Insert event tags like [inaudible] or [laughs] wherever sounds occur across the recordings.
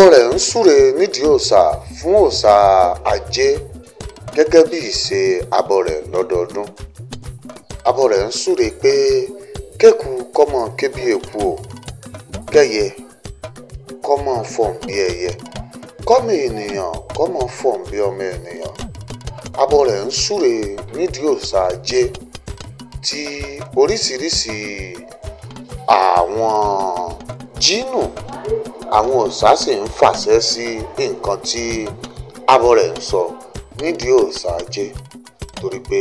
ọkọ rẹ̀ ń súre nídìí òòṣà fún òòṣà ajé gẹ́gẹ́ bí ìṣe abọ́ rẹ̀ lọ́dọọdún abọ́ rẹ̀ ń súre pé kéku kọ́mọ kébí eku o kẹ́yẹ kọ́mọ fọ̀n bí ẹyẹ kọ́mọ ènìyàn kọ́mọ fọ̀n bí ọmọ ènìyàn abọ́ rẹ̀ ń súre nídìí òòṣà ajé tí oríṣiríṣi àwọn jínù àwọn òòṣà sì ń fàṣẹ sí nǹkan tí abọrẹ̀ ń sọ nídìí òòṣà ajé torí pé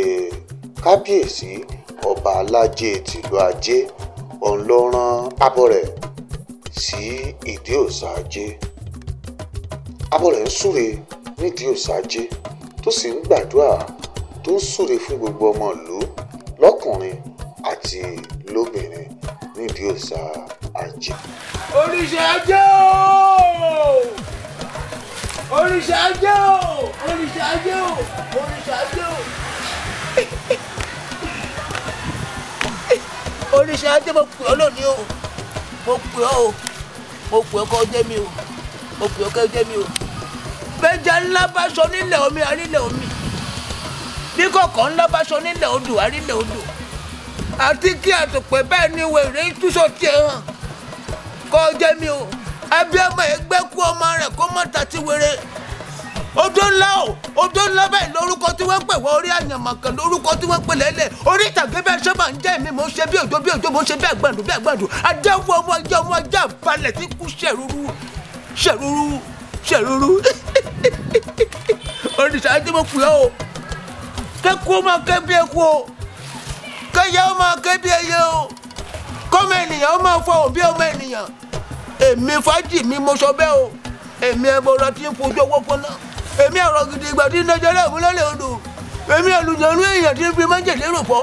kábíyèsí ọba alájẹ tìlú ajé òun ló rán abọrẹ̀ sí ìdí òòṣà ajé abọrẹ̀ ń súre nídìí òòṣà ajé tó sì ń gbàdúrà tó ń súre fún gbogbo ọmọ ìlú lọ́kùnrin àti lóbìnrin nídìí òòṣà ajé. oríṣà ajé o oríṣà ajé o oríṣà ajé o oríṣà ajé o. oríṣà ajé mo pè ọ́ lónìí o mo pè ọ́ o mo pè ọ́ kọ́ jẹ́ mi o mo pè ọ́ kọ́ jẹ́ mi o. bẹ́jà ńlá bá sọ nílẹ̀ omi àrílẹ̀ omi bí kọ̀ọ̀kan ńlá bá sọ nílẹ̀ odò àrílẹ̀ odò àti kí àtùpẹ́ bẹ́ẹ̀ ni wèrè túṣọ tiẹ̀ hàn kọ́ jẹ́ mi o abiyamọ ẹgbẹ́ kú ọmọ rẹ̀ kó má tàti wèrè odó ńlá o odó ńlá bẹ́ẹ̀ lórúkọ tí wọ́n pè wọ́n orí àyànmọ̀ kan lórúkọ tí wọ́n pè lẹ́lẹ̀ orí ìtàgé bẹ́ẹ̀ ṣé máa ń jẹ́ mi mò ń ṣe bí òjò bí òjò mò ń ṣe bí àgbàdo bí àgbàdo adáwọ̀ ọmọ ajá ọmọ ajá balẹ̀ tí kú ṣẹ̀rúrú ṣẹ̀rúrú ṣẹ̀rúrú [laughs] oríṣiríṣi àti mo pè ọ́ kẹ́kọ̀ọ́ máa kẹ́ bí ẹ kú o kẹyẹ ọmọ kẹbi ẹyẹ o kọmọ ènìyàn ọmọ fọ òbí ọmọ ènìyàn èmi fájì mi mo sọ bẹ́ẹ̀ o èmi ẹbọ ọ̀rọ̀ tí ń fojú owó pọnà èmi ọ̀rọ̀ gidi ìgbà tí ń dájọ́ lẹ́ẹ̀mú lọ́lẹ̀ odò èmi olùjọ́nú èèyàn tí ń fi májèlé rò pọ̀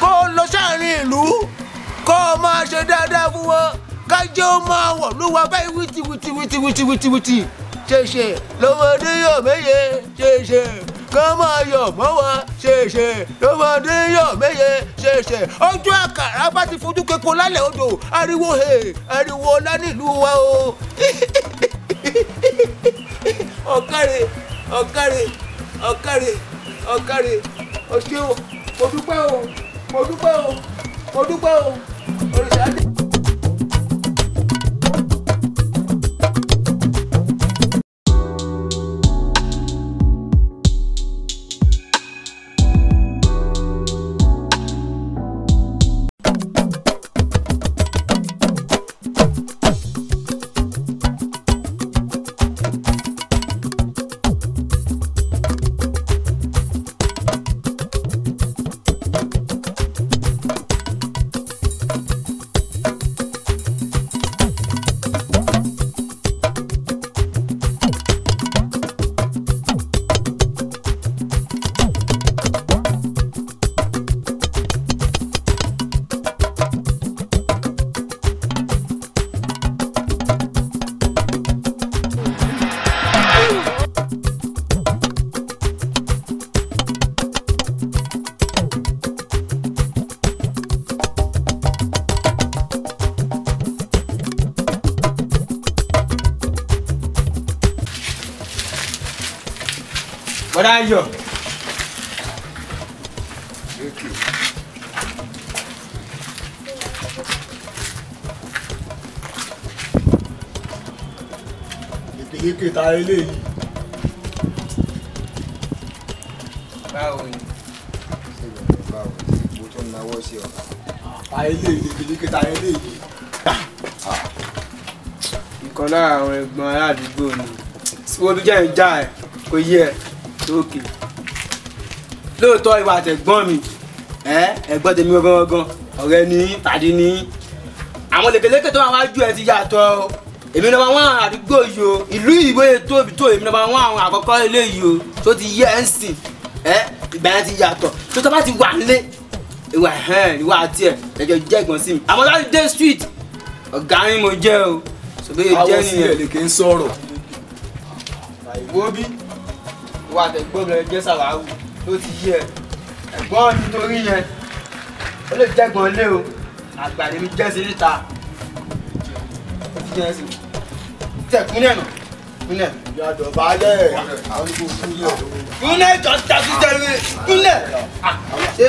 kó o lọ sáàrin ìlú kó o máa ṣe dáadáa fún wọn kájọ́ máa wọ̀ ló wá báyìí wìtìwìtìwìtìwìtìwìtì ṣèṣe lọ́mọdé yóò méye ṣèṣe kán máa yọ̀ mọ́ wa ṣèṣe lọ́mọdé yọ̀ mẹ́yẹ ṣèṣe ọjọ́ àkàrà bá ti fojú keko lálẹ́ odò ariwo he ariwo ọlá nílùú wa o ọ̀kàrẹ̀ [laughs] ọ̀kàrẹ̀ ọ̀kàrẹ̀ ọ̀kàrẹ̀ ọ̀ṣẹ́ o mo dúpẹ́ o mo dúpẹ́ o mo dúpẹ́ o òrìṣà dé. bọ́dá yọ. èkéyéké ta eléyìí. báwo ni. báwo ni mo tún náwó sí ọ. ta eléyìí èkéyéké ta eléyìí. nǹkan ah. lára àwọn ẹ̀gbọ́n aládùúgbò ni wọ́n tó jẹ́ ìjà ẹ̀ kò yé ẹ̀ òkè lóòótọ́ ìwà àtẹ̀gbọ́n mi ẹ̀gbọ́n tèmi gangan ọ̀rẹ́ ní tàdí ní àwọn lèkèlèkè tó wà wájú ẹ ti yàtọ̀ o èmi náà wọn àwọn àdúgbò yìí o ìlú ìwé tóbi tó èmi náà wọn àwọn àkọ́kọ́ ilé yìí o tó ti yẹ ẹ́ ń sìn ẹ́ ìgbà yẹn ti yàtọ̀ tó tọ́ bá ti wà nílé ìwà ẹ̀hẹ́n ìwà àti ẹ̀ ẹ̀jọ̀ jẹ́ ìgbọ̀n sí mi àmọ́ láti dé street ọ̀gá ni mo jẹ́ o sọ pé jẹ́ nìyẹn. àwọn sílẹ̀ lè kí n sọ̀rọ̀. àìwọ́ bí ìwà àtẹ̀gbọ́n rẹ jẹ́ sàràwù ló ti yí ẹ ẹ̀gbọ́n nítorí yẹn ó lè jẹ́gbọ́n lé o àgbà ni mi jẹ́ sí níta ó ti jẹ́ sí tẹ̀ kúnlẹ̀ nù kúnlẹ̀. yàtọ̀ baálẹ̀ àwọn ibo kúnlẹ̀. kúnlẹ̀ jọ ta sí jẹrìí kúnlẹ̀ ah, ṣé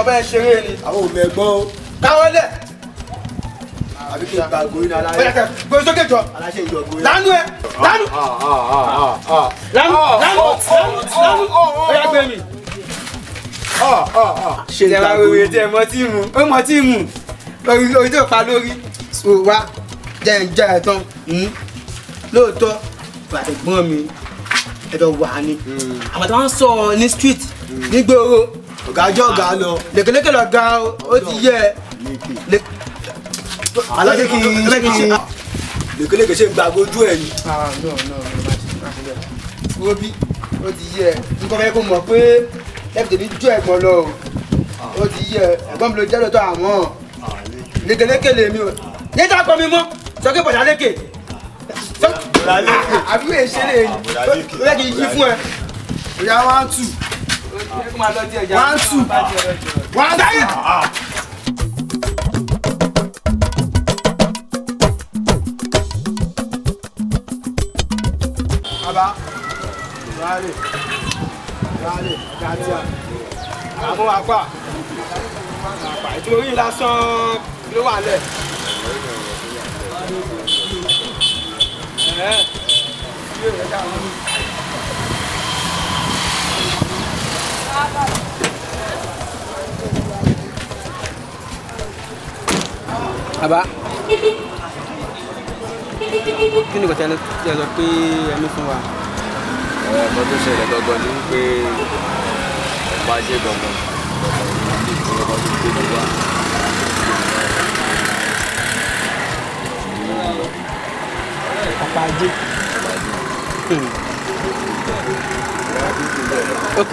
ọba ẹ ṣeré ni. àwọn ò mẹ́gbọ́n o. táwọn lẹ̀ àbí kí n gba gorí náà láyé. bóyá kẹ gbèsè sókè jọ. aláṣẹ ìjọ gorí. lánú ẹ lánú. Ah, ah, ah, oh, lánú lánú lánú oh, oh, bóyá gbé mi. ṣe ìjọba wíwí tí ẹ mọ tí mu ó mọ tí mu orí tó pa lórí. wá jẹ́ ń jẹ́ ẹ̀ tán hmm. lóòótọ́ ẹ̀gbọ́n mi ẹ̀dọ̀ wà ní. Hmm. àwọn tó ń sọ ní street hmm. nígboro ọ̀gájọ́ ọ̀gá lọ lèkèlèkè lọ ga ó ti yẹ lèkè alájẹ kí n ah. lékeléke ṣe ń gba agojú ẹ ni. Ah, wo bí o ti yẹ nǹkan fẹ́ kó mọ̀ pé lẹ́fìtì mi jó ẹ̀gbọ́n lọ o ti yẹ ẹ̀gbọ́n mi ló jẹ́ lọ́tọ̀ àwọn lékeléke lèmi o yéjà kọ́ mi mọ́ sọ́kè bọ̀dá lékè ah, àbí wèé ṣe lè ní ó yẹ kí n yí fún ẹ ìyá one two one two one two. Vale. Vale. Gàtíà. Àmú apá. Àpà ìdúró yìí lásán ló wà lẹ̀. Aba kí ni kò tẹ́lẹ̀ tẹ́lẹ̀ pé ẹni fún àwọn ọ̀kan tó ṣẹlẹ̀ gangan ni wípé ọ̀pá ajé gangan gangan ní ìpínlẹ̀ ọdún tó gbé mi wá. ọ̀pá ajé. ok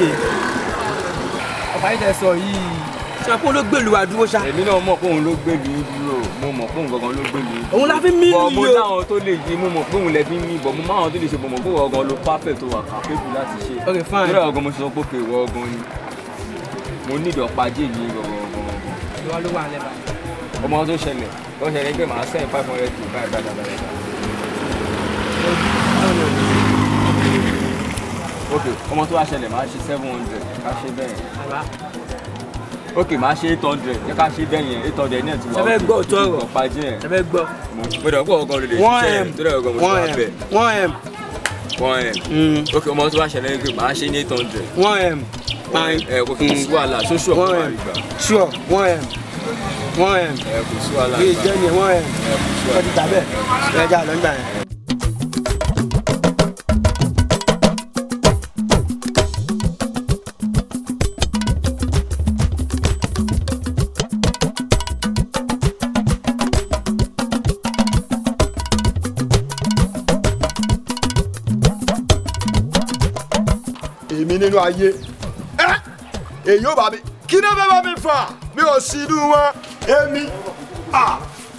ṣe pé òun ló wa dúró ṣá. èmi náà mọ̀ pé òun ló gbèlú dúró mo mọ̀ pé òun gangan ló gbèlú. òun la fi mí nìyí o. bọ̀ mo láwọn tó lè yí mo mọ̀ pé òun lẹ fi mí bọ̀ mo máwọn tó lè ṣe bọ̀ mọ̀ pé òun ló pápẹ̀ tó wà kàpébù láti ṣe. ok fine. ìrora ọgàn mo sọ pé òkè ìwọ ọgàn ni mo ní ìdọ̀pajé yìí gangan. ọmọ tó ṣẹlẹ̀ tó ṣẹlẹ̀ ok ọmọ tó wá ṣẹlẹ̀ máa ṣe seven hundred ká ṣe bẹ́ẹ̀ ok máa ṣe eight hundred jẹ́ ká ṣe bẹ́ẹ̀ yẹn eight hundred náà ti wà ó ṣẹfẹ́ gbọ́ tó ọ̀rọ̀ ṣẹfẹ́ gbọ́. mo dọ̀ pọ̀ ọkọ rẹ̀ ṣiṣẹ́ tó dẹ̀ ọkọ mo tó wà bẹ̀. one m. one m. Mm. ok ọmọ tó bá ṣẹlẹ̀ pé máa ṣe ní eight hundred. one m. ẹ eh, kò fi sí wàhálà sóṣù ọkọ máa rí gbà. sure one m. one m. ẹ eh, kò sí wàhálà gbà. bí ìjẹ́ ni one m. ẹ eh, kò sí wàhálà gbà. ẹ jà lọ́gbà yẹn. nínú ayé ẹ èyí ò bá mi kí ni bẹ́ẹ̀ bá mi fà mi ò sí inú wọn èmi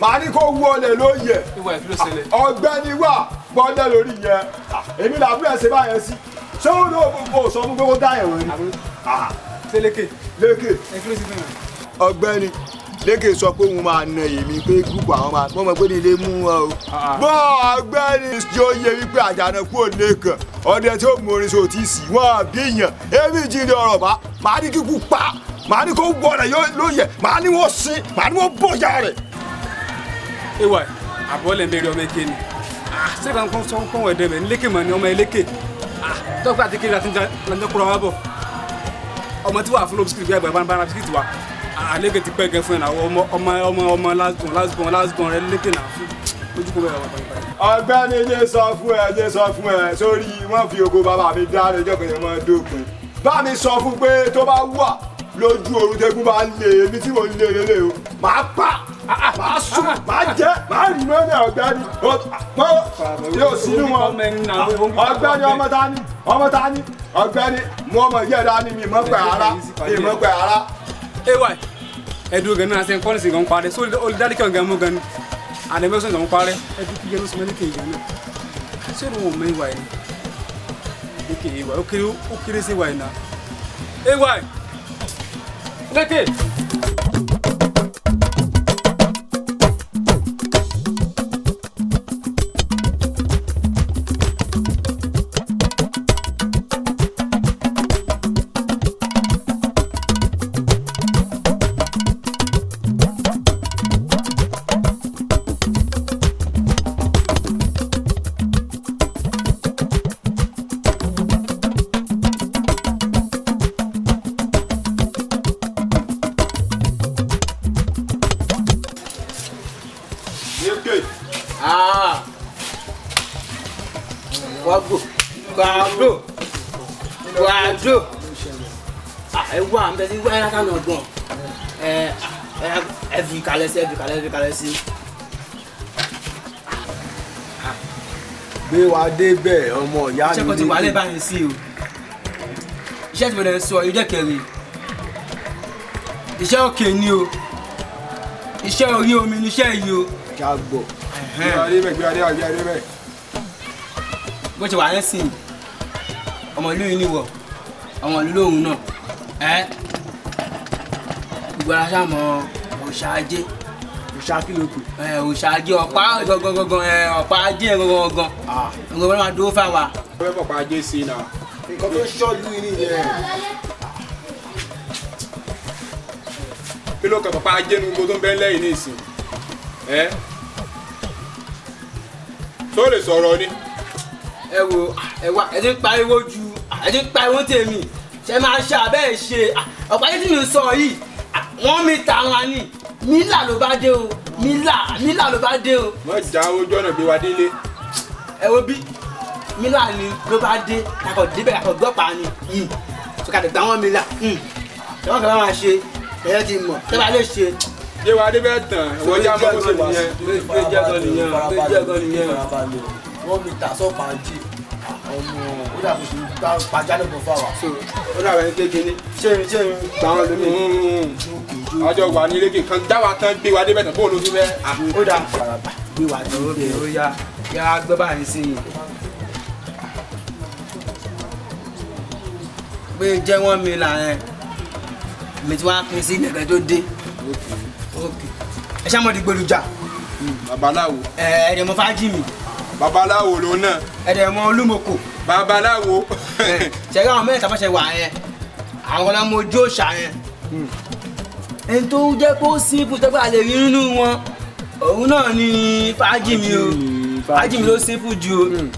màá ní kó wú ọlẹ̀ lóye ọ̀gbẹ́ni wà bọ́lẹ̀ lórí yẹn èmi làbúrò ẹ̀sẹ̀ báyẹn sí ṣé ó lóò gbogbo sọ fún gbogbo dáyẹ̀wò rí. Ṣé lékè? lékè ọ̀gbẹ́ni lékè sọ pé òun máa na èmi pé gúrùpù àwọn máa mọ̀ mọ̀ pé nílé mú wọn o. Ah. bọ́ ọgbẹ́ni tí yẹ wípé àjànà kúrò lẹ́kàn ọdẹ tí ó mú orin sọ ti sì wọ́n bí yàn èmi ọ̀rọ̀ bá màá ní kíkú pa màá ní kó gbọ́ lóye màá ní wọ́n sin màá ní wọ́n bóyá rẹ̀. ewa àbọ̀lẹ̀ mẹ́rin ọmọ ẹ̀kẹ́ ni ah, ṣé kàn kàn sọ́n kàn wọ̀ ẹ̀dẹ̀ bẹ̀ ni ọmọ ẹlẹ́kẹ̀ dọ́gba ah, àti kéré àti ńlẹ́kùrọ̀ wọn bọ̀ ọmọ tí wàá fún lóbisikì gbẹ́gbẹ́ bá ń bá ń ra bisikì àlékè ti pẹ́ gẹ fún ẹ̀ náà ọmọ ọmọ ọmọ ọmọ lásìkò lásìkò lásìkò rẹ lékè náà ojú kò bẹ̀rẹ̀ wà pàápàá. ọ̀gbẹ́ni jẹ́ sọ fún ẹ jẹ́ sọ fún ẹ sórí wọ́n fi ògo bàbá mi dá lọ́jọ́ kan yẹn mọ́ dópin bá mi sọ fún pé tó bá wà lójú oorun tẹ́gùn bá lè èmi tí mo lè lélẹ̀ o màá pa màá sùn màá jẹ màá rí mọ́ni ọ̀gbẹ́ni yóò sínú wọn ọ̀gbẹ́ni ọmọ tani ọmọ tani ọ̀gbẹ́ni mú ọmọ yẹ̀dá ni mi mọ̀ pẹ̀ ara mi mọ̀ pẹ̀ ara. ay ẹdun gan náà sẹ́yìn pọ́lísì gan parẹ́ so olùdarí kan gan mú gan ni àdèmẹ́sọ̀n gan parẹ́ ẹdun kí yẹn ló sọmọ lékè ìgbà náà ṣé ìlú wọn mọ yìí lékè ìwà ó kéré ó kéré sí ìwà yìí náà ìwà yìí lékè. wàgbò gbàdò gbàdò ẹ wà ń bẹ sí wáyé látà náà gbọ̀n ẹ fi kalẹ̀ sí ẹ fi kalẹ̀ ẹ fi kalẹ̀ sí. Ah. gbé wa débẹ̀ ọmọ ìyá mi. ṣẹ́kọ̀ọ́ ti wà lẹ́ẹ̀ báyìí sí o iṣẹ́ tí mo lè sọ ìjẹ́ kẹrin iṣẹ́ òkè ni o iṣẹ́ orí omi ni iṣẹ́ yìí o. kí a gbọ́ bó ṣe wà lẹ́sìn ọmọ ìlú yìí nìwọ ọmọ ìlú lòun náà ẹ gbogbo ara ṣàmọ òòṣà ajé òòṣà kìlókù ẹ òòṣà ajé ọ̀pá gangan ẹ ọ̀pá ajé gangan gangan ọgbọ̀n wọn máa dúró fáwa. ọ̀pẹ́ pọ̀pọ̀ ajé sí i náà nǹkan tó ṣọ́ọ̀lù yìí nìyẹn. kí ló kàn pàpà ajé nu gbogbo tó ń bẹ́ lẹ́yìn ní ìsìn ẹ́ tó lè sọ̀rọ̀ ni. ẹ wo ẹ wá ẹ ti ń pariwo ju ẹ ti ń pariwo tèmi ṣe máa ṣe abẹ́ ẹ̀ ṣe ọ̀pá yìí tí mi sọ yìí wọ́n mi ta wọn ni mílà ló bá dé o mílà mílà ló bá dé o. wọ́n já ojú ọ̀nà gbé wa délé. ẹ wo bí mílà ni ló bá dé kakọ̀ débẹ̀ kakọ̀ gbọ́pàá ni tó kàdé gbà wọ́n mílà tí wọ́n kàn máa ṣe ẹ̀yẹ́ ti mọ̀ tẹ́lá lè ṣe ṣé wàá dé bẹ́ẹ̀ tán ìwọ jẹ́ àmọ́ kó ṣe nìyẹn pé jẹ́ gan nìyẹn pé jẹ́ gan nìyẹn. wọ́n mi ta sọ́ọ̀pù àjì ọmọ ó dàbí ṣe gbá pàjáde kan fáwa. ó dàbí ẹni kékeré ṣé ṣé gbà wọn lómi. Hmm, hmm, hmm. ọjọ́ wà ní ilékè kan dáwà tán gbé wa dé bẹ́ẹ̀ tán bóòlù ojú bẹ́ẹ̀. Ah, ó dà gbé wa dé ó bẹ̀rẹ̀ ó yá yá gbẹ́ báyìí sí i. pé jẹ́ mi là ẹ̀ mi ti wá pín sí ìgbẹ̀gbẹ́ tó dé ẹ ṣàmọ̀ di gbẹlújà. Hmm, babaláwo. ẹ ẹ̀dẹ̀ mọ fájì mi. babaláwo ló náà. ẹ̀dẹ̀ mọ olúmọkò. babaláwo. ṣẹ̀rí àwọn mẹ́rin tàbá ṣe wà yẹn àwọn ọmọ ojú òòṣà yẹn. Hmm. ẹni tó jẹ́ kó sí ibùdókòwò àlè rí nínú wọn òun náà ni fájì mi o fájì mi ló sí fún ju o hmm.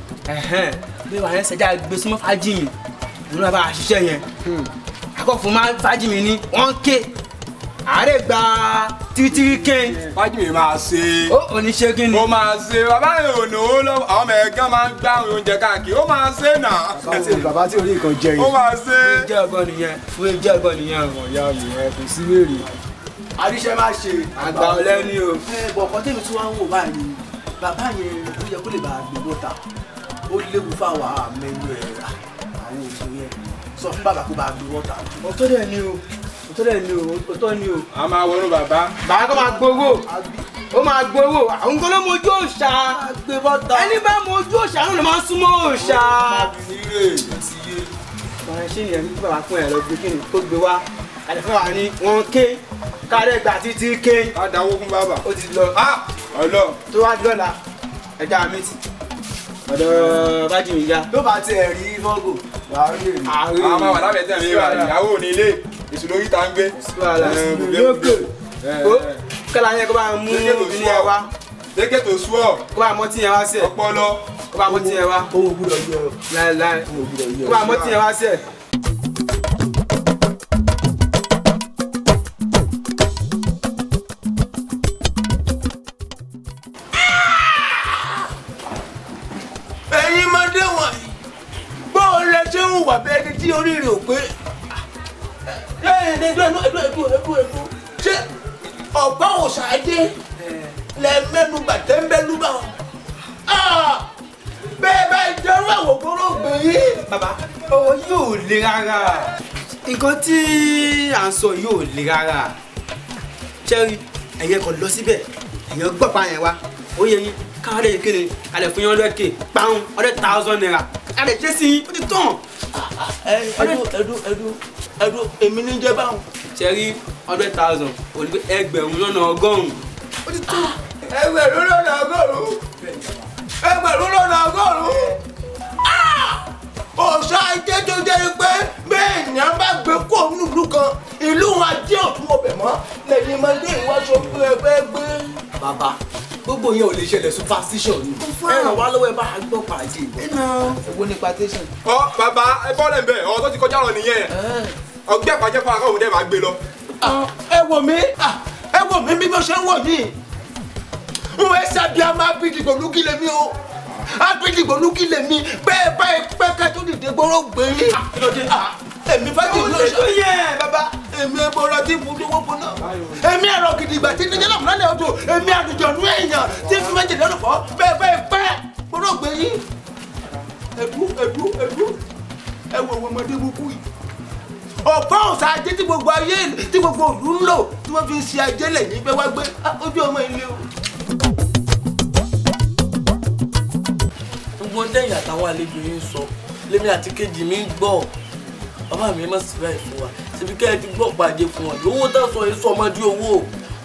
bí wàá yẹn ṣẹjá gbé súnmọ́ fájì mi òun náà bá a ṣiṣẹ́ yẹn akọ́fọ́ fájì mi ní wọ́n ké. àárẹ̀ gba títí kín. fájìmì máa ṣe. ó ni. ó ṣe bàbá ò lọ́wọ́ àwọn ọmọ ẹ̀gán máa ń gbá oúnjẹ káàkiri ó máa ṣe nà. bàbá tí orí nǹkan jẹ yìí. ó máa ṣe. fún ìjẹ́ nìyẹn fún ìjẹ́ nìyẹn ìyá kò sí wèrè. máa ṣe. àgbà ọlẹ́ni o. ẹ bàbá yẹn ó kó lè bàa gbé ó léwu òtọ́ dẹ̀ ni o òtọ́ ni o. a máa wọnú bàbá. bàbá kọ́ máa gbowó ó máa gbowó àwọn kọ́ ló mojú òòṣà ẹni bá mojú òòṣà àwọn ló máa súnmọ́ òòṣà. bàbá ṣé ìyẹn nípa bàbá fún ẹ lọ gbé kí tó gbé wá àlefẹ́ wa ni wọ́n ké kárẹ́ gbà títí ké. a dáwó fún bàbá. ó ti lọ. Ah! ọlọ. tó wá dọ́là ẹ̀dá mi ti ọ̀dọ̀ bájìmí já. ló bá tiẹ̀ rí fọ́gò wàá rí èmi. àwọn máa wà lábẹ́ tẹ̀ mí wà ìyàwó ní ilé èṣù lórí ta ń gbé. kọ́lá yẹn kó bá mú ilé ẹ wá. dégé tó sú ọ. kó bá mọ́tì yẹn wá sí ẹ. ọpọlọ. kó bá mọ́tì yẹn wá. owó gbúdọ̀ yọ. láéláé kó bá mọ́tì yẹn wá sí ẹ. ṣe ń hùwà bẹ́ẹ̀ ni tí orí rẹ̀ ò pé ẹ̀ẹ́dẹ̀ ẹ̀dú ẹ̀dú ẹ̀dú ẹ̀dú ẹ̀dú ṣé ọ̀bá òṣàdé lẹ mẹ́nu gbàtẹ́ńbẹ́lú bá wọn bẹ́ẹ̀ bá ìjọrú àwọn ògbóró ògbìn yìí bàbá owó yóò le rárá nǹkan tí à ń sọ yóò le rárá ṣẹ́rí ẹ̀yẹ kan lọ síbẹ̀ ẹ̀yẹ gbọ́pá yẹn wá ó yẹ yín káwọn lè kéde alẹ fún yín hundred k pound hundred thousand naira alẹ jẹ sí ó ti tán. ẹdú ẹdú ẹdú ẹdú èmi ní jẹ báwọn. sẹ́rí hundred thousand ó ní pé ẹgbẹ̀rún lọ́nà ọgọ́rùn-ún ó ti tán. ẹgbẹ̀rún lọ́nà ọgọ́rùn-ún ẹgbẹ̀rún lọ́nà ọgọ́rùn-ún ah! ọ̀sán ajé tó jẹ́ pé bẹ́ẹ̀ ni a bá gbé kó nílùú kan ìlú wọn ajé òtún ọbẹ̀ mọ́ lẹ́yìn máa ń dé ìwáṣọ pé ẹgbẹ́ gbé. bàbá gbogbo yẹn ò lè ṣẹlẹ̀ superstition ni ẹ ràn lọ́wọ́ ẹ bá a gbọ́ pàdé ìbò. èwo ni patation. ọ bàbá ẹ bọ́ lẹ̀ ọ tó ti kọjá lọ nìyẹn ọgbẹ́ àpàjẹ́ fún akọ́wé dẹ́ máa gbé lọ. ẹ wò mí ẹ wò mí bí mo ṣe ń wò mí n ò ṣàbí a máa bí dìgbò lókì lèmi o a dìgbò lókì lèmi bẹ́ẹ̀ báyìí pẹ́ẹ́ká tó dìde gbọ́rọ̀ gbé yín. èmi bá dìgbò lóṣù èmi ẹgbọrọ tí mo dúró gbóná èmi ẹ̀rọ gidigba tí ní jẹlẹ múlẹ odò èmi àlùjọ̀nú èèyàn tí fi méjì lọ́dún fọ́ bẹ́ẹ̀ bẹ́ẹ̀ pẹ́ gbọ́dọ̀gbẹ́ yín ẹ̀dú ẹ̀dú ẹ̀dú ẹ̀wọ̀ ẹ̀wọ̀ ọmọdé gbogbo yìí ọ̀pọ̀ ọ̀sà ajé tí gbogbo ayé tí gbogbo òlú ń lò tí wọ́n fi ń ṣe ajé lẹ́yìn pé wá gbé ah, ojú ọmọ ilé o. gbogbo dẹ́yìn àtàwọn àlejò yìí ń sọ lèmi àti kejì mi ń gbọ́ bàbá mi mọ̀ síbẹ̀ fún wa àṣírí kẹ́ ẹ ti gbọ́ pàdé fún ọ lówó tẹ̀sán èso ọmọdé owó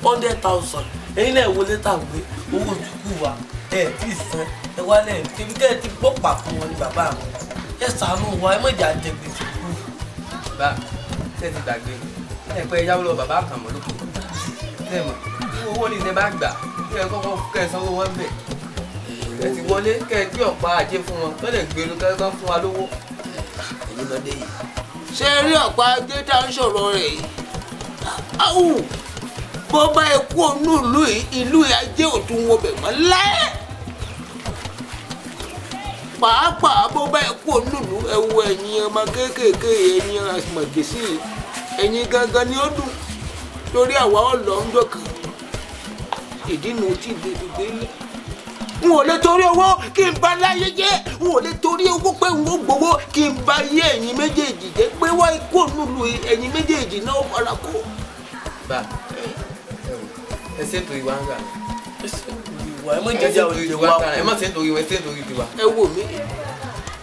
hundred thousand ẹ̀yin náà wọlé tàwé owó dúkù wa ẹ̀ tí ì san ẹ wá lẹ́yìn kébí kẹ́ ẹ ti gbọ́ pà fún wọn ní bàbá mi ẹ ṣàánú wa ẹ mọ̀jà jẹ gbèsè kú. bá tẹ́ ti gbàgbé ẹ pẹ́ yáwó lọ bàbá kan mọ́ lóko tẹ́ mọ̀ owó ní ìṣẹ́ bá gbà kẹ́ ẹ kọ́kọ́ kẹ́ ẹ sanwó wọn bẹ̀ ẹ ti wọlé kẹ́ ẹ gbé ọ̀pá ajé fún wọn tó lè gbèrú kẹ́ ẹ kọ́ fún wa lówó. ẹ̀yin lọ dé yìí ṣe rí ọ̀pá ajé tá ń sọ̀rọ̀ rẹ̀ yìí awù bó bá ikú ònú ìlú ìlú ajé òtún wo bẹ̀ mọ́ láyé pàápàá bó bá ikú ònú ìlú ẹwu ẹ̀yin ọmọ kéékèèké ẹ̀yin àmọ̀gẹ́sì ẹ̀yin gangan ni ó dùn torí àwa ọ̀lọ́ ń dọ̀kan ìdí nu tí gbèdúgbè lẹ̀ n ò lè torí owó kí n bá láyé jẹ́ n ò lè torí owó pé n ò gbowó kí n bá yé ẹ̀yin méjèèjì jẹ́ pé wá ikú ònúlu ẹ̀yin méjèèjì náà fara kó. bá ẹ ṣe torí wa ń rà ẹ ṣe torí wa ẹ má ṣe torí wa ẹ ṣe torí tiwa. ẹ wò mí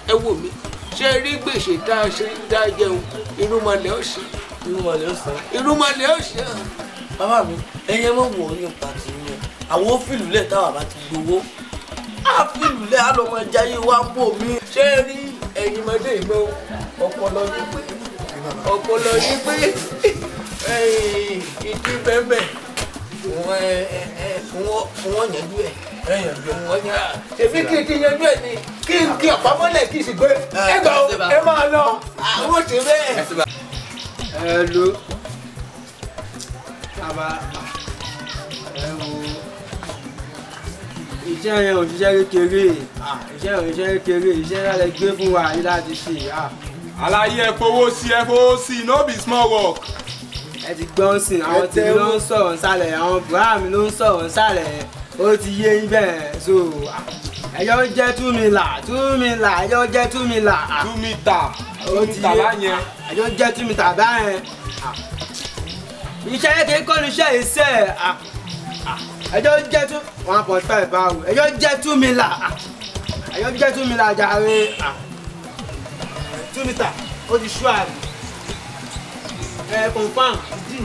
ẹ wò mí ṣe rí gbèsè tá a ṣe dá jẹun inú malẹ̀ ọ̀sẹ̀. inú malẹ̀ ọ̀sẹ̀. inú malẹ̀ ọ̀sẹ̀. bàbá mi ẹyẹ mọ̀ wọ̀ ọ́ ní pàtì yẹn àwọn ó fìlú lẹ̀ táwọn àbá ti gbowó àfihàn alọmọjáyé wa ń bò mí ṣé rí ẹ̀yin mọdé ìmọ ọpọlọ ní pé ọpọlọ ní pé ìdí bẹ́ẹ̀ wọ́n yanjú ẹ̀ èmi kì í ti yanjú ẹ̀ ni kí n kí ọ̀pá mọ́lẹ̀ kì í sì gbé ẹ gbà ó ẹ máa lọ àwọn ò ti bẹ́ẹ̀. ẹ lo bàbá iṣẹ́ yẹn ò ṣiṣẹ́ kékeré iṣẹ́ ò ṣiṣẹ́ kékeré iṣẹ́ yẹn lè gbé fún wa yìí láti ṣe. aláyé ẹ fowó sí ẹ fowó sí no be small work. ẹ ti gbọ́n sìn àwọn tí ló ń sọ̀rọ̀ nsàlẹ̀ àwọn buhari ló ń sọ̀rọ̀ nsàlẹ̀ ó ti yé yín bẹ́ẹ̀ so ẹjọ́ jẹ́ tú mi là tú mi là ẹjọ́ jẹ́ tú mi là. tú mi tà tú mi tà báyẹn. ẹjọ́ jẹ́ tú mi tà báyẹn. iṣẹ́ kékeré kọ́ ni iṣẹ́ ìṣe ẹjọ́ jẹ́ tún one point five báwo ẹjọ́ jẹ́ two mila ẹjọ́ jẹ́ two mila jàre two mita ó ti ṣú àrùn ẹ confam d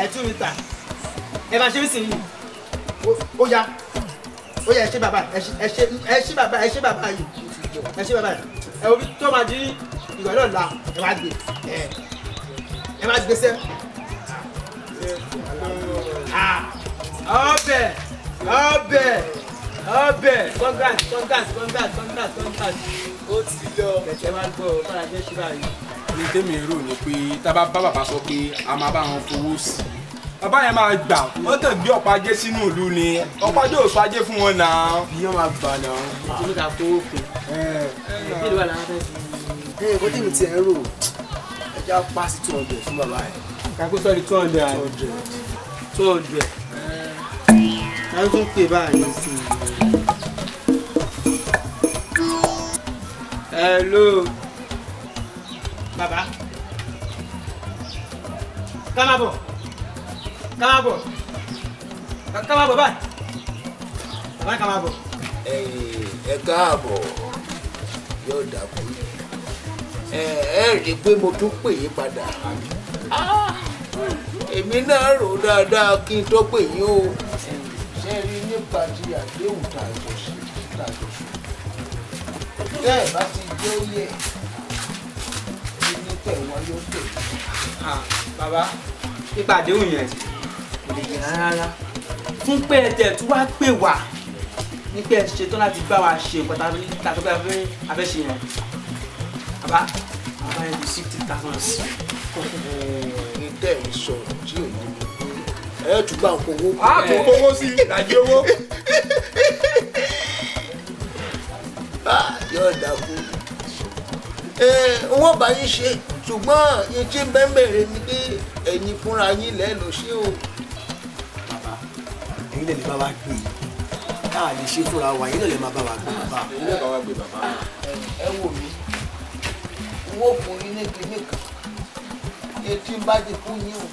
ẹ two mita ẹ bá ṣe mí sìn yìí ó yá ó yá ẹ ṣe bàbá ẹ ṣe bàbá ẹ ṣe bàbá yìí ẹ ṣe bàbá yìí ẹ wo bí tó máa di ìgbà náà la ẹ wá gbé ẹ ẹ gbé sẹ. Ah ọbẹ̀ ọbẹ̀ ọbẹ̀ congrats congrats congrats congrats congrats ó ti lọ kẹ̀kẹ́ wá gbọ́ fara jẹ́ ṣúra yìí. ní tèmi rò ní pé tábà bá bàbá sọ pé a máa bá wọn fowó sí i bàbá yẹn máa gbà ó tẹ̀ gbé ọ̀pá ajé sínú ìlú ni ọ̀pá ajé ò sọ ajé fún wọn náà. ìyẹn máa gbà náà. ìdílé ká fowó pè é kí ló wà láwọn fẹ́ fi. ẹ ẹ bó tèmi tiẹ̀ ń rò ẹja pa sí two hundred fún bàbá yẹn. kakú sọ di two hundred. two hundred a tún pè báyìí sí hello. bàbá ká má bọ̀ ká má bọ̀ ká má bọ̀ báyìí bàbá ká má bọ̀. ẹ káàbọ̀ yóò dàbọ̀ ẹ ẹ rí i pé mo tún pè yín padà ah, èmi náà rò dáadáa kí n tó pè yín o ẹ rí nípa ti àdéhùn tàjọṣe tàjọṣe tẹ́ ẹ̀ bá ti jẹ́ yẹ ní tẹ̀ wọ́n yóò tẹ̀. bàbá nípa àdéhùn yẹn kò lè jẹ́ rárá fún pé ẹ tẹ̀ tó wá pè wá ní pé ẹ ṣetán láti bá wa ṣe nǹkan tàbí tàbí abẹ́ ṣe yẹn bàbá bàbá yẹn ti sixty thousand. ẹ ẹ ní tẹ̀ ń sọ̀rọ̀ ẹ tún gbà kówó. a kò kówó sí ìdajì owó. yóò dàkú wọ́n bá yín ṣe ṣùgbọ́n yín tí ń bẹ́ bẹ̀rẹ̀ ni pé ẹ̀yin fúnra yín lẹ́ lọ ṣé o. bàbá ẹ̀yin lè lè bá wa gbé e tá a lè ṣe fúnra wa ẹ̀yin lè lè máa bá wa gbé bàbá. ẹ̀yin lè bá wa gbé bàbá. ẹ wò mí owó fún yín ní kíní kan etí bá ti fún yín o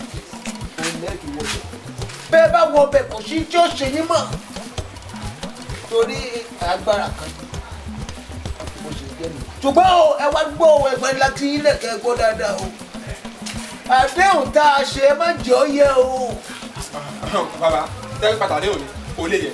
wọ bẹ̀ kò sí tí ó ṣe yín mọ̀ torí agbára kan mo sì jẹ́ mi. ṣùgbọ́n o ẹ wá gbọ́ o ẹgbẹ́ ńlá tí yín dáadáa o àdéhùn tá a ṣe má jẹ́ ó yẹ o. [laughs] bàbá tẹ́lẹ̀ pàtàkì òní kò lè yẹ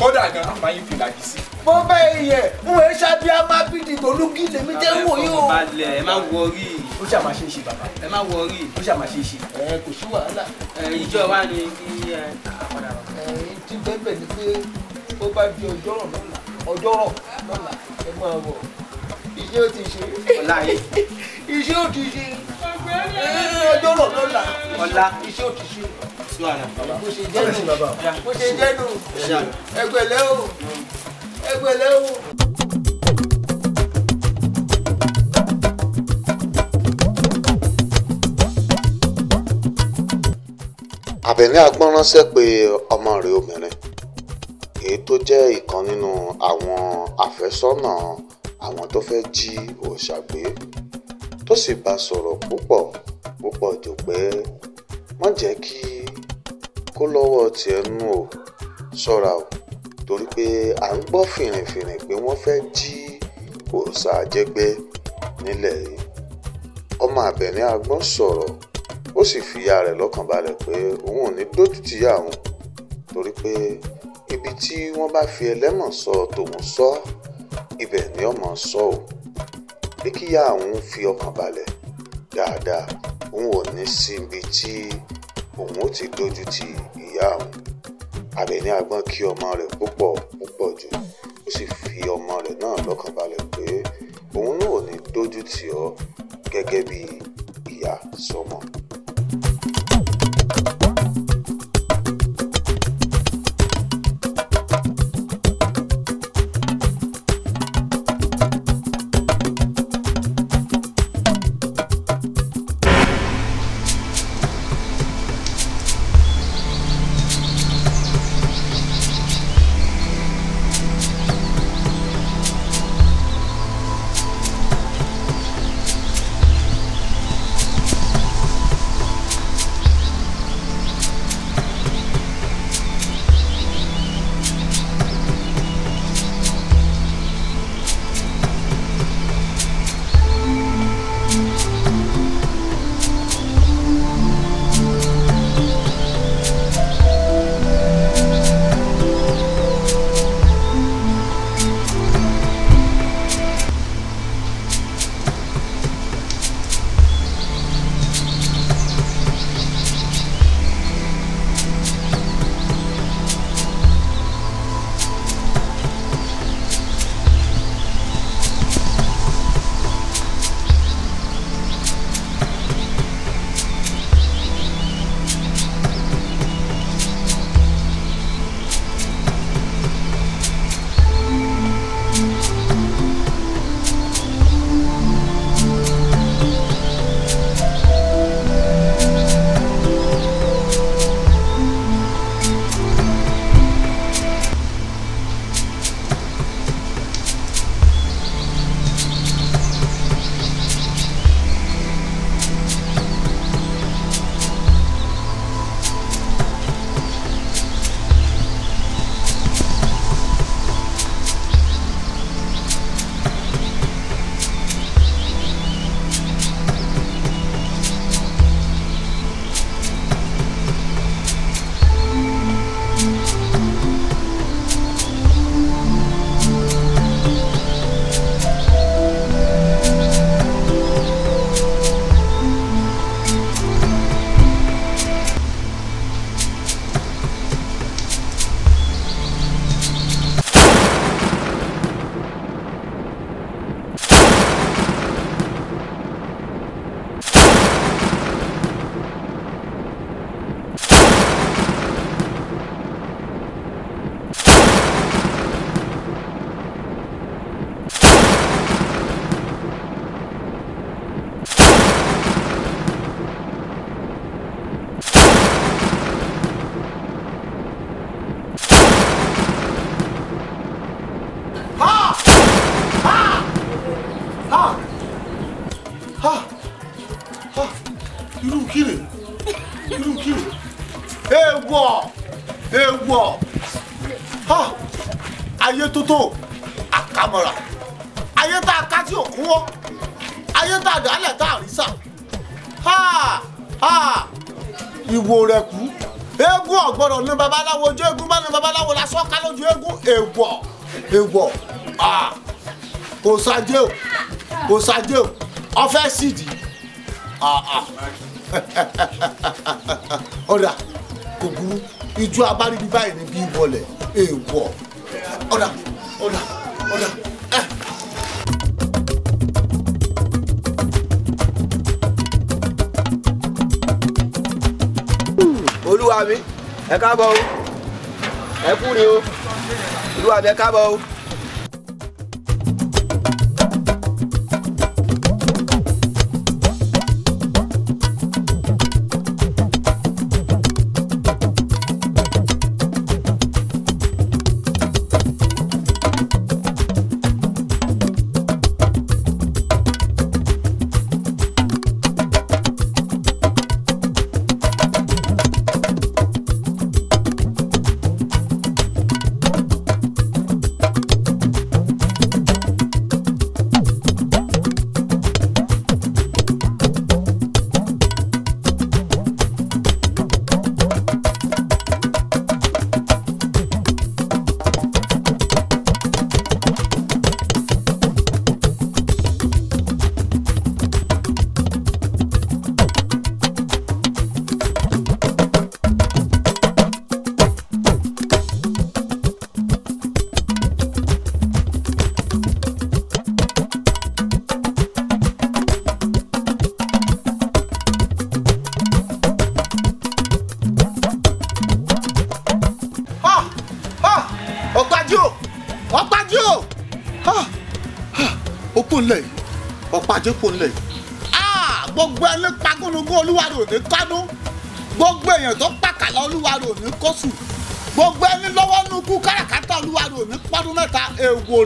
kódà gan an máa ń fi làjì sí. bó bẹ́ẹ̀ yẹ n ò ṣàbí a máa bí dìgbò lèmi jẹ́ wòye o. bàbá ẹ má wọrí ó ṣàmà ṣe é ṣe bàbá. ẹ má wọrí ó ṣàmà ṣe é ṣe. ẹ kò sí wàhálà. ìjọ wa ni kí ẹ àpàdà wa. ẹyin tí bẹ́ẹ̀ ni pé ó bá di ọjọ́rọ̀ lọ́la ọjọ́rọ̀ lọ́la ẹ máa wọ̀ iṣẹ́ ò ti ṣe. ọ̀la yìí. iṣẹ́ ò ti ṣe. ọjọ́rọ̀ lọ́la. ọ̀la iṣẹ́ ò ti ṣe. bó ṣe jẹ́nu bó ṣe jẹ́nu ẹgbẹ̀lẹ́ o ẹgbẹ̀lẹ́ o. àbẹ̀ní agbọ́n ránṣẹ́ pé ọmọ rẹ̀ obìnrin èyí tó jẹ́ ìkan nínú àwọn àfẹ́sọ́nà àwọn tó fẹ́ jí òòṣà gbé tó sì bá sọ̀rọ̀ púpọ̀ púpọ̀ jù pé má jẹ́ kí kó lọ́wọ́ tiẹ̀ nù o ṣọ́ra o torí pé à ń gbọ́ fìrìnfìrìn pé wọ́n fẹ́ jí òòṣà jẹ́gbẹ́ nílẹ̀ yìí ọmọ àbẹ̀ní agbọ́n sọ̀rọ̀ ó sì fi ìyá rẹ̀ lọ́kàn balẹ̀ pé òun ò ní dójú ti ìyá òun torí pé ibi tí wọ́n bá fi ẹlẹ́mọ̀ sọ tòun sọ ibẹ̀ ni ọmọ sọ ò pé kí ìyá òun fi ọkàn balẹ̀ dáadáa òun ò ní sí ibi tí òun ó ti dójú ìyá òun Àbẹ̀ní agbọ́n kí ọmọ rẹ̀ púpọ̀ púpọ̀ jù ó sì fi ọmọ rẹ̀ náà lọ́kàn balẹ̀ pé òun náà ò ní dójú tì gẹ́gẹ́ bí ìyá sọmọ. So kàmọ̀rà ayé tá a ká tí ò wọ́ ayé tá a dálẹ̀ tá a rí sà ha ha ìwò rẹ̀ kú eégún ọ̀gbọ́dọ̀ ní babaláwo ojú eégún bá ní babaláwo lásán ká lójú eégún èèwọ̀ èèwọ̀ kò sáájé o kò sáájé o ọfẹ́ sídìí [laughs] ọ̀dà kò burú ijó abáríbí báyìí níbí wọlé èèwọ̀ ọ̀dà ọ̀dà ọ̀dà. olúwa mi ẹ káàbọ̀ o ẹ kú ni o olúwa mi ẹ káàbọ̀ o.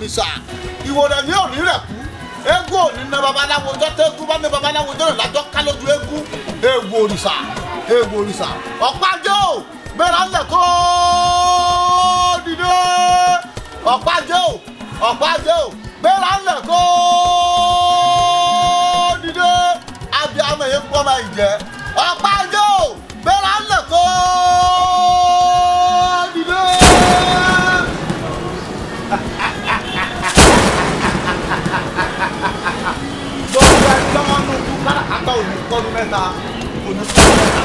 òrìṣà ìwòrẹ̀ ní òní rẹ̀ kú eégún òní na babaláwo jọ tẹ́gún bá ní babaláwo jọ̀rọ̀ lájọ́ ká lójú eégún eégún òrìṣà eégún òrìṣà ọ̀pájọ́ gbéra ńlẹ̀ kó dìde ọ̀pájọ́ ọ̀pájọ́ gbéra ńlẹ̀ kó dìde abiyamọ yẹn kọ́ máa ń jẹ ọ̀pájọ́ gbéra ńlẹ̀. mẹ́ta kò ní sọ mẹ́ta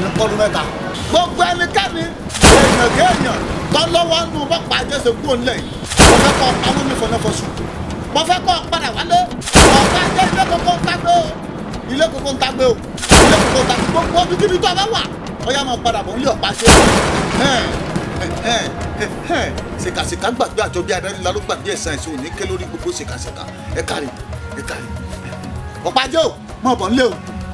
kò ní kọ́dún mẹ́ta. gbogbo ẹnikẹ́ni èèyàn kéèyàn tọ́lọ́wọ́ nù bá pa jẹ́sẹ̀ kúrò nílẹ̀ yìí mo fẹ́ kọ́ pamọ́ mi fọ̀nẹ́fọ̀sù mo fẹ́ kọ́ padà wálé ọ̀gá jẹ́ ilé kókó ń tagbé o ilé kókó ń tagbé o ilé kókó ń tagbé gbogbo ibi kíbi tó a bá wà ọ̀yá máa padà bọ̀ nílé ọ̀pá ṣe sìkàsìkà gbàgbé àjọ bí adarí la ló gbàgbé ẹ̀sán ẹ̀sìn òní ké lórí gbogbo sìkàsìkà ẹ̀ka rè ẹ̀ka rè ọ̀pájọ́ mọ̀ bọ̀ nílé o.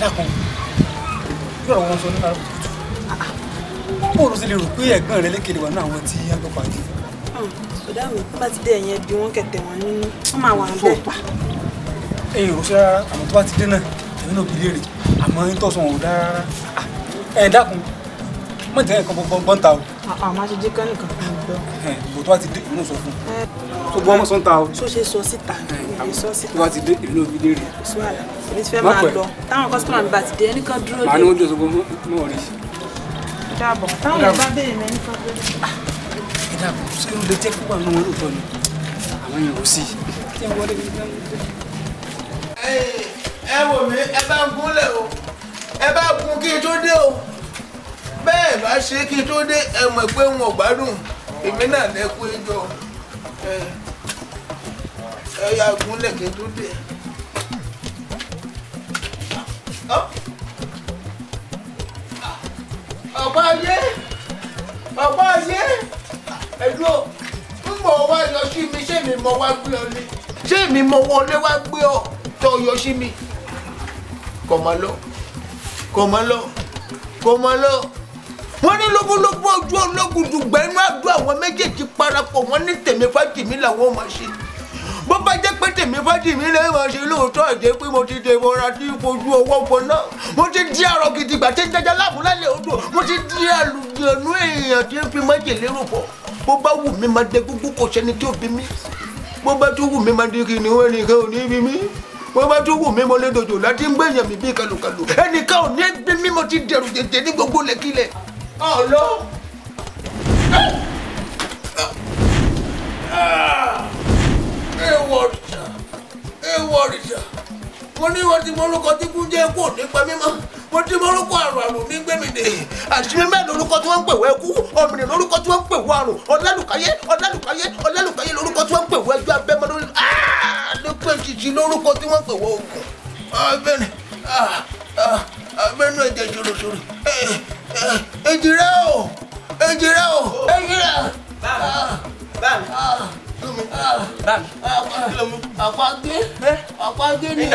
dákun bí ọ̀rọ̀ wọn sọ nínú àrùn tuntun bóòlù sì lè rò pé ẹ̀gbọ́n rẹ lékele wà ní àwọn tí a gbọ́ pàdé. Hm, ọ̀dà mi bá ti dé ẹ̀yìn ẹbí wọn kẹtẹ wọn nínú wọn máa wà ń bẹ̀. ẹ̀yin ò ṣe rárá àmọ́ tó bá ti dé náà ẹ̀yin náà bìlẹ̀ rè àmọ́ ẹ̀yin tọ̀sán ò dára rárá ah, ẹ̀ dákun mọ̀ jẹ́ nǹkan bọ́n ta o. àmọ́ aṣojú kan nìkan kò ní lọ. bò tó bá ti dé ìmú sọ fún un wọ́n ti dé ìlú òbí dé rè. èmi ti fẹ́ máa lọ táwọn kọ́sítọ́mà mi bá ti dé ẹnì kan dúró dé. màá ní oúnjẹ òṣogbo mọ́ rí. bẹ́ẹ̀ bá ṣe kí n tó dé ẹ mọ̀ wọn gbádùn èmi náà lẹ́kú ẹjọ́ ẹ̀yà gúnlẹ̀ kí n tó dé. ọ̀pá ayé ọ̀pá ayé ẹ̀dúró ń bọ̀ wá yọ sí mi ṣé mi mọ wá gbé ọ lé ṣé mi mọ wọlé wá gbé ọ tó yọ sí mi kọ̀ máa lọ kọ̀ máa lọ kọ̀ máa lọ wọ́n ní lógúnlógún ojú ológun dùgbẹ́ inú àdúrà àwọn méjèèjì parapọ̀ wọ́n ní tèmi fájìmí làwọn máa ṣe bó bá jẹ́ pé tèmi bá dì mí lẹ́yìn ṣe lóòótọ́ ìdè pé mo ti dè mọ́ra tí fojú ọwọ́ bọ náà mo ti di àrọ̀ gidi gbà tí jẹjẹ láàbù lálẹ́ odò mo ti di àlùjọ̀nú èèyàn tí ń fi májèlé rò pọ̀ bó bá wù mí máa dẹ gbogbo kò sẹ́ni tí ò bí mi bó bá tún wù mí máa di kìnìún ẹnìkan ò ní bí mi bó bá tún wù mí mo lè dòjò láti ń gbẹ̀yàn mi bí kàlùkàlù ẹnìkan ò ní Ah! ah! èèwọ̀ rìṣà èèwọ̀ rìṣà mo ní wọ́n ti mọ́lúkọ tí kú jẹ́ kó nípa mímọ́ mo ti mọ́lúkọ àrùn àrùn ní gbẹ̀mìdè àṣírí mẹ́rin lórúkọ tí wọ́n ń pèwọ́ ẹkú ọ̀mìnir lórúkọ tí wọ́n ń pèwọ́ àrùn ọ̀lẹ́lùkáyé ọ̀lẹ́lùkáyé ọ̀lẹ́lùkáyé lórúkọ tí wọ́n ń pèwọ́ ẹjọ́ abẹ́mọ lórí àdókò ah! ìṣìṣì lórúkọ tí wọ́n ń pèwọ́ ogun abẹ́rẹ́ ah, ah, abẹ́nu ẹ̀jẹ̀ ṣòroṣòro èjìrẹ́ eh, eh, o èjìrẹ́ o èjìrẹ́. báwo báwo àpàgé àpàgé ni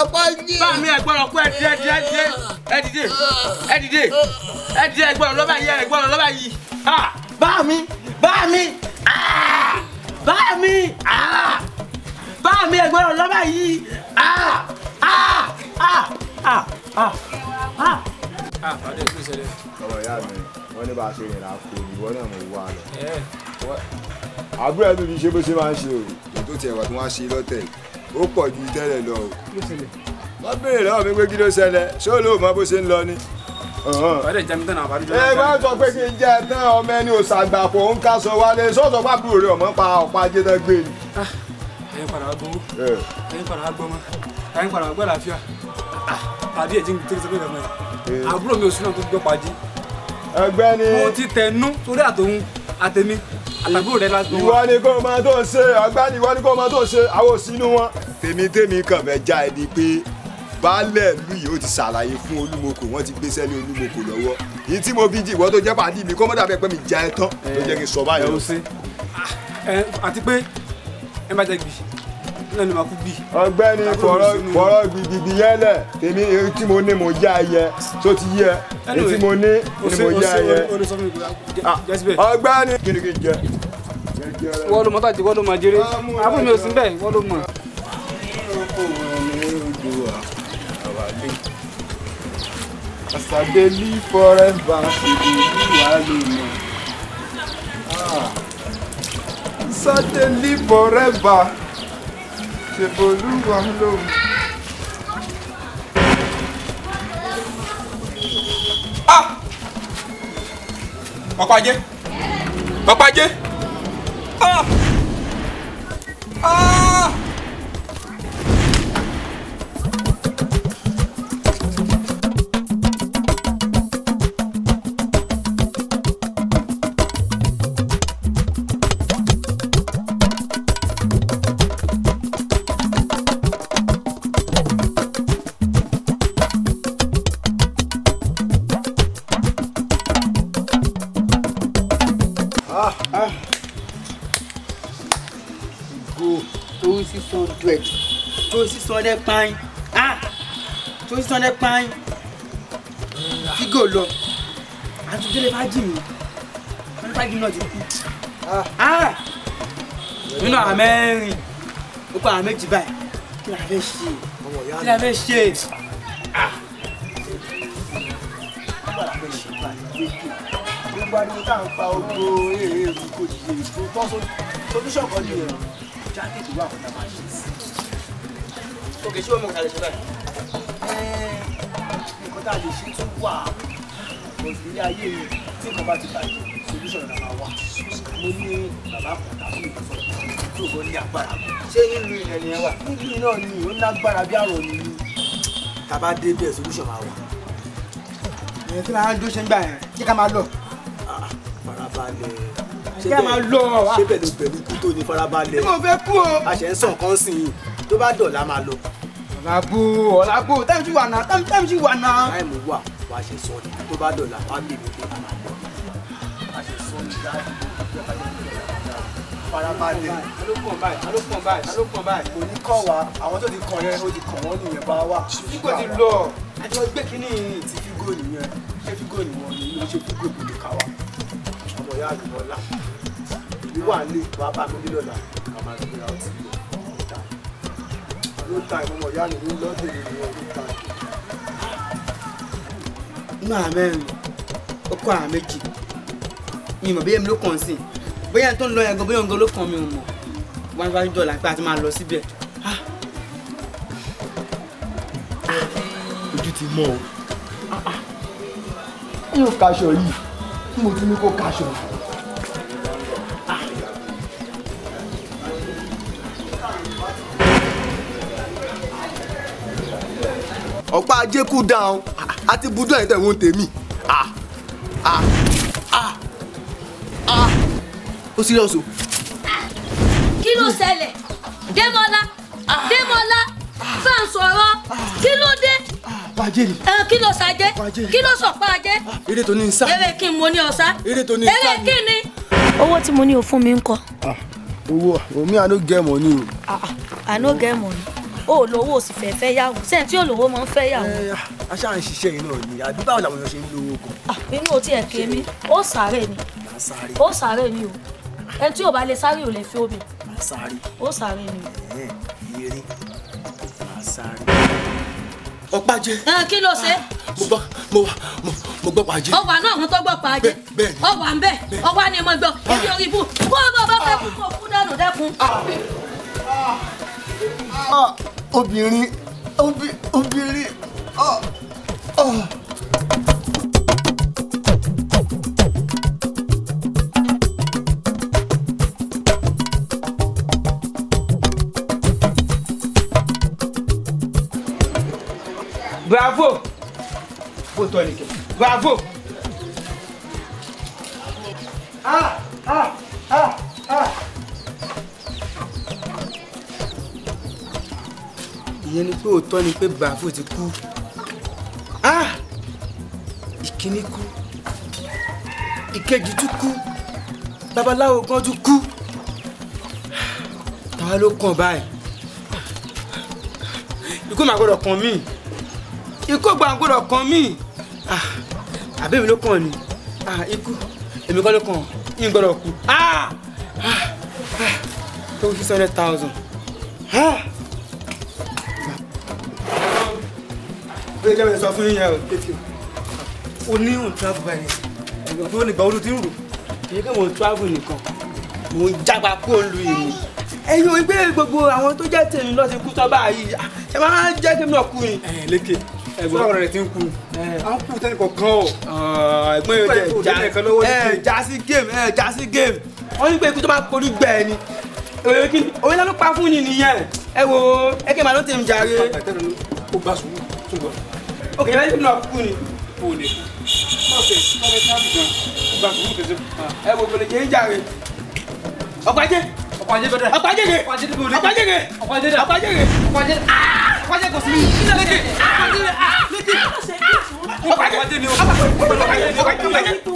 àpàgé. bá mi ẹ̀gbọ́n ọkọ ẹ díẹ̀ díẹ̀ díẹ̀ ẹ dìde ẹ dìde ẹ dìde ẹ̀gbọ́n lọ́ba yìí ẹ̀gbọ́n lọ́ba yìí. bá mi bá mi bá mi bá mi ẹ̀gbọ́n lọ́ba yìí. ọ̀rọ̀ ìyá mi wọ́n ní bá a ṣe ìrìn àpò ìwọ náà mo wà lọ. Eh, àbúrò ẹ̀ tó ti ṣe bó ṣe máa ń ṣe o. ètò tiẹ̀ wà tí wọ́n á ṣe lọ́tẹ̀ ó pọ̀ ju tẹ́lẹ̀ lọ o. wọ́n béèrè lọ́wọ́ mi pé kí ló ṣẹlẹ̀ ṣé olóò mọ bó ṣe ń lọ ni. ẹ má sọ pé kí n jẹ tán ọmọ ẹni ò ṣàgbàpò ń ká sọ wálé sọ́sọ́ pàbúrò rẹ̀ ọ̀mọ́ pa ọ̀pá jẹ́dá gbé ni. Ah, ẹyin padà wá gbọmọ ẹyin padà wá gbọmọ ẹyin padà wá gbọdọ àfíà pàdé ah, ẹ̀ jí ní tẹ́lẹ̀ sọ́kẹ́ ìdàmọ́ ẹ̀ àbúrò gbọ́ àtàbúrò rẹ lásìkò wọn. ìwọ ni kò máa tó ṣe ọgbẹ́ni ìwọ ni kò máa tó ṣe àwọn òsínú wọn. tèmi tèmi kàn fẹ́ já ẹni pé baálẹ̀ ìlú yìí ó ti ṣàlàyé fún olúmọkò wọ́n ti gbéṣẹ́ lé olúmọkò lọ́wọ́ yìí tí mo fi jí ìwọ tó jẹ́ pàdé mi kó mọ́tà fẹ́ pẹ́ mi já ẹ tán ló jẹ́ kí n sọ báyìí. ẹ ẹ àti pé ẹ má jẹ gbì náà ni màá kú bí. ọ̀gbẹ́ni fọ̀rọ̀ gidigidi yẹn lẹ èmi tí mo ní mo já yẹ tó ti yẹ èyí tí mo ní ni mo já yẹ. ọ̀gbẹ́ni gidigidi jẹ. wọ́n ló mọ wọ́n ló mọ ah, àbúrò mi ò sí bẹ́ẹ̀ wọ́n ló mọ. Asadeli forest bank ibi ìwà Asadeli ah. forever ṣèbò olúwa lòun. Ah! Papa, ajé ọ̀pá ajé. Ah! hundred pine ah twenty hundred pine fígò lọ àti délé fájì mi wọn fájì mi náà ti kú ah nínú àwọn ó pa àwọn méjì báyìí kí ni a fẹ́ ṣe kí ni fẹ́ ṣe ah òkè ṣé omi kàlẹ̀ ṣe báyìí. Eh, nǹkan tá a lè ṣe tún wà òṣèlú ayé mi tí nǹkan bá ti bàjẹ́ solution náà máa wà mo ní bàbá kan tàbí ìfọ̀ tó gbọ́ ní agbára ṣé nílùú ilẹ̀ ni ẹ wà. nílùú náà ni ó ni tàbá débẹ̀ solution máa wà. ìyẹn tí màá ń dún ṣe ń gbà yẹn kí ká máa lọ. Ah, farabalẹ̀ ṣé bẹ́ẹ̀ ló bẹ̀rù kú tó ní farabalẹ̀ a ṣe ń sàn kán sìn yìí tó bá dọ̀ la máa lọ. ọ̀la bú ọ̀la bú táìmù ti wà náà táìmù ti wà náà. táìmù wà wà á ṣe sọ ni tó bá dọ̀ la wà á bè mí pé a máa lọ. a ṣe sọ ni dáadáa farabalẹ̀ alópọ̀ báyìí alópọ̀ báyìí alópọ̀ báyìí. kò ní kọ́ wa àwọn tó ti kọ̀ yẹn ó ti kọ̀ wọ́n nìyẹn bá wa. fígò ti lọ àjọ gbé kínní ti fígò nìyẹn ṣé fígò nìwọ̀n ni wọ́n ṣe fígò gbòdò ká wa. ọmọ ìyá àlùbọ́lá ìlú wà ní bàbá mi nílò náà kàmá ìgbéra ọtí lọ ló ta ìmọ̀ ọ̀yá mi ní lọ́dẹ̀ ìlú ọdún àmẹ́rin ó kọ́ méjì ni ìmọ̀ bí èmi ló kàn sí bóyá tó ń lọ ẹ̀gọ́ bóyá òǹgọ́ ló kàn mí ò mọ̀ wọ́n á fájú dọ̀là pé a ti máa lọ síbẹ̀. ojú ti mọ́ o. yóò ah, ah. kaṣọ yìí mo ti ní kó kaṣọ yìí. ọ̀pá ajé kú dáhùn àti budu ẹ̀yìn tẹ̀wọ́n tèmi. ó serious o. kí ló ṣẹlẹ̀ Démọ́lá Démọ́lá bá ń sọ̀rọ̀ kí ló dé. pàjẹ́ ni. ẹ kí ló ṣàjẹ́ kí ló sọ pàjẹ́. eré tó ní nsá. eré kí n mo ní ọ̀sá. eré tó ní nsá. eré kí ni. owó tí mo ní o fún mi ń kọ. owó omi i no get money o. i no get money ò lówó o sì fẹ́ fẹ́ yàwó sẹ́ni tí ò lówó máa ń fẹ́ yàwó. ẹ aṣá ń ṣiṣẹ́ yìí náà ni àbí báwo làwọn èèyàn ṣe ń lówó kan. Ah, inú o tiẹ̀ ké mi ó sáré ni ó sáré ni o ẹni tí ò bá lè sáré ò lè fi omi ó sáré ni ọpájẹ. ẹ kí ló ṣe. Ah, mo gbọ́ mo wà mo gbọ́ pàjẹ́. ọwà náà mo tọ́ gbọ́ pàjẹ́. bẹ́ẹ̀ ni ń bẹ̀ ọwà ni mo gbọ́ ibi ah. orí kó o bá bá fẹ́ kó o kú dànù dẹ́kun obìnrin obìnrin ọ ah, ọ. Ah. bravo bó tọ́ ni bravo. ìyẹn ni pé òótọ́ ni pé bàáfò ti kú ah! ìkíní kú ìkejì tún kú babaláwo kan tún kú táwa ló kàn báyìí ikú màá gbọ́dọ̀ kàn mí ikú gbà gbọ́dọ̀ kàn mí ah! àbẹ́mi ló kàn ni ah! ikú èmi kọ́ ló kàn yín gbọ́dọ̀ kú tó kí six hundred thousand. pé jẹ́ mi sọ fún yíyan o. o ní òun travel báyìí ẹ̀gbọ́n tó ní gbàwó ti ń rù kìí kí mò ń travel nìkan mò ń jápa kó ń lu ìlú. ẹ̀yin òun gbé gbogbo àwọn tó jẹ́ tèmi lọ́ọ́ ti kú tọ́ báyìí ṣe máa jẹ́ kí mi náà kú yìí. ẹ̀yìn lékè ẹ̀gbọ́n ọ̀rọ̀ rẹ̀ ti ń kú àwọn kú tẹ́lẹ̀ kọ̀ọ̀kan o. ẹ̀gbọ́n yóò jẹ́ jásí game jásí game wọ́n ní pé ikú tó máa polú gbẹ̀ẹ́ ni òye kí ni pa fún yìí nìyẹn ẹ wo ẹ kẹ́ máa ló tèmi jàre. ó bá sùn tó gbọ́ òkè ìbáyé mi náà kúkú ni. kò lè kú ọ̀sẹ̀ tó bẹ sáà nìkan ìgbà tó kù kẹsẹ̀ ẹ wo gbèlè jẹ́ ìjà rẹ̀ ọ̀pájẹ́ ọ̀pájẹ́ bẹ̀rẹ̀ ọ̀pájẹ́ rẹ̀ ọ̀pájẹ́ rẹ̀ ọ̀pájẹ́ rẹ̀ ọ̀pájẹ́ rẹ̀ ọ̀pájẹ́ rẹ̀ ọ̀pájẹ́ kò sí mi létí ọ̀pájẹ́ rẹ̀ létí ọ̀pájẹ́ ni ọ̀pájẹ́ ni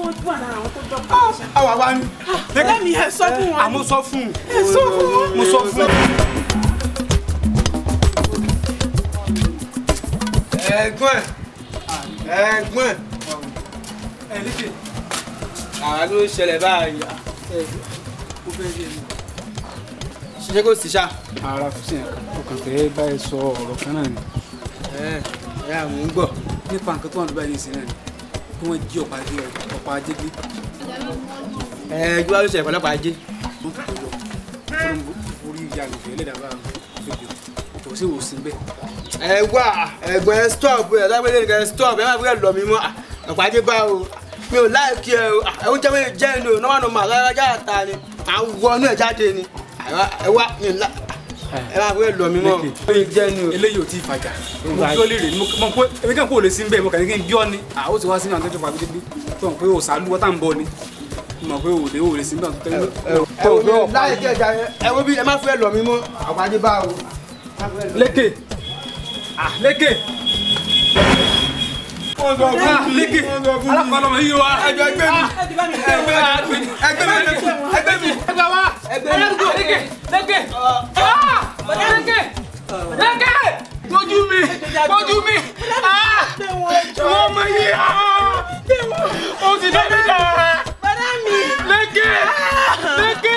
ọ̀pájẹ́ ni ẹ̀gbọ́n ẹ̀gbọ́n ẹ̀lẹ́kẹ̀ àwa ló ṣẹlẹ̀ báyìí ó fẹ́ ṣe ni. ṣe kó sì ṣá. ara fúnṣe ọkàn tẹ báyìí sọ ọ̀rọ̀ kan náà ni. ẹ ẹ àmọ́ ń gbọ́. nípa nǹkan tó wà lóba ní ìsìn náà ni kí wọ́n jí ọ̀pá ajé ọ̀pá ajé gbé. ẹ ẹ gbọ́dọ̀ ṣe ìpàlọ́pàá ajé. wọ́n fi tọ́jú orí ìyá lòfẹ́ lẹ́dàá báyìí kò sí ìwòsàn bẹ́ẹ̀. ẹ wá ẹ̀gbọ́n ẹ stop ẹ lágbẹ́lẹ́ nìkan ẹ stop ẹ má fi lọ mi mọ́ àpàdé bá o mi ò láìkí ẹ o oúnjẹ mi jẹ́ ẹni o nọ́wọ́nù mà rárá jáà ta ni à ń wọnú ẹ̀ jáde ni ẹ wá mi ò ẹ máa fẹ́ lọ mi mọ́ o. eléyìí ò tí ì fàjà mo kí ó lè rè ni mo pé ebi kan kò lè sí ń bẹ́ẹ̀ mo kàdé kí n bí ọ́ ni àwọn ti wá sí mi àtẹ́jọ́ pa gbẹdẹ́gbẹ́ tó mọ̀ pé o sàálù wọ́tà ń bọ̀ ni mo mọ̀ pé o lè o lè sí mi àtẹ́jọ́. ẹ wo mi láyé jẹ́ ìjà yẹn ẹ wo bí ẹ má fẹ́ lọ mi mọ́ àwọn adé bá o ah, lékè ah, lékè lékè alákọ̀ọ́nà mọ̀ yíyọ wa ah, ẹgbẹ́ ah, ẹgbẹ́ mi ẹgbẹ́ mi ẹgbẹ́ mi ẹgbẹ́ mi ẹgbẹ́ wa ẹgbẹ́ mi lékè lékè lékè lékè bójú mi bójú mi wọ́n mọ̀ yíyọ o sì dé mi jà lékè lékè.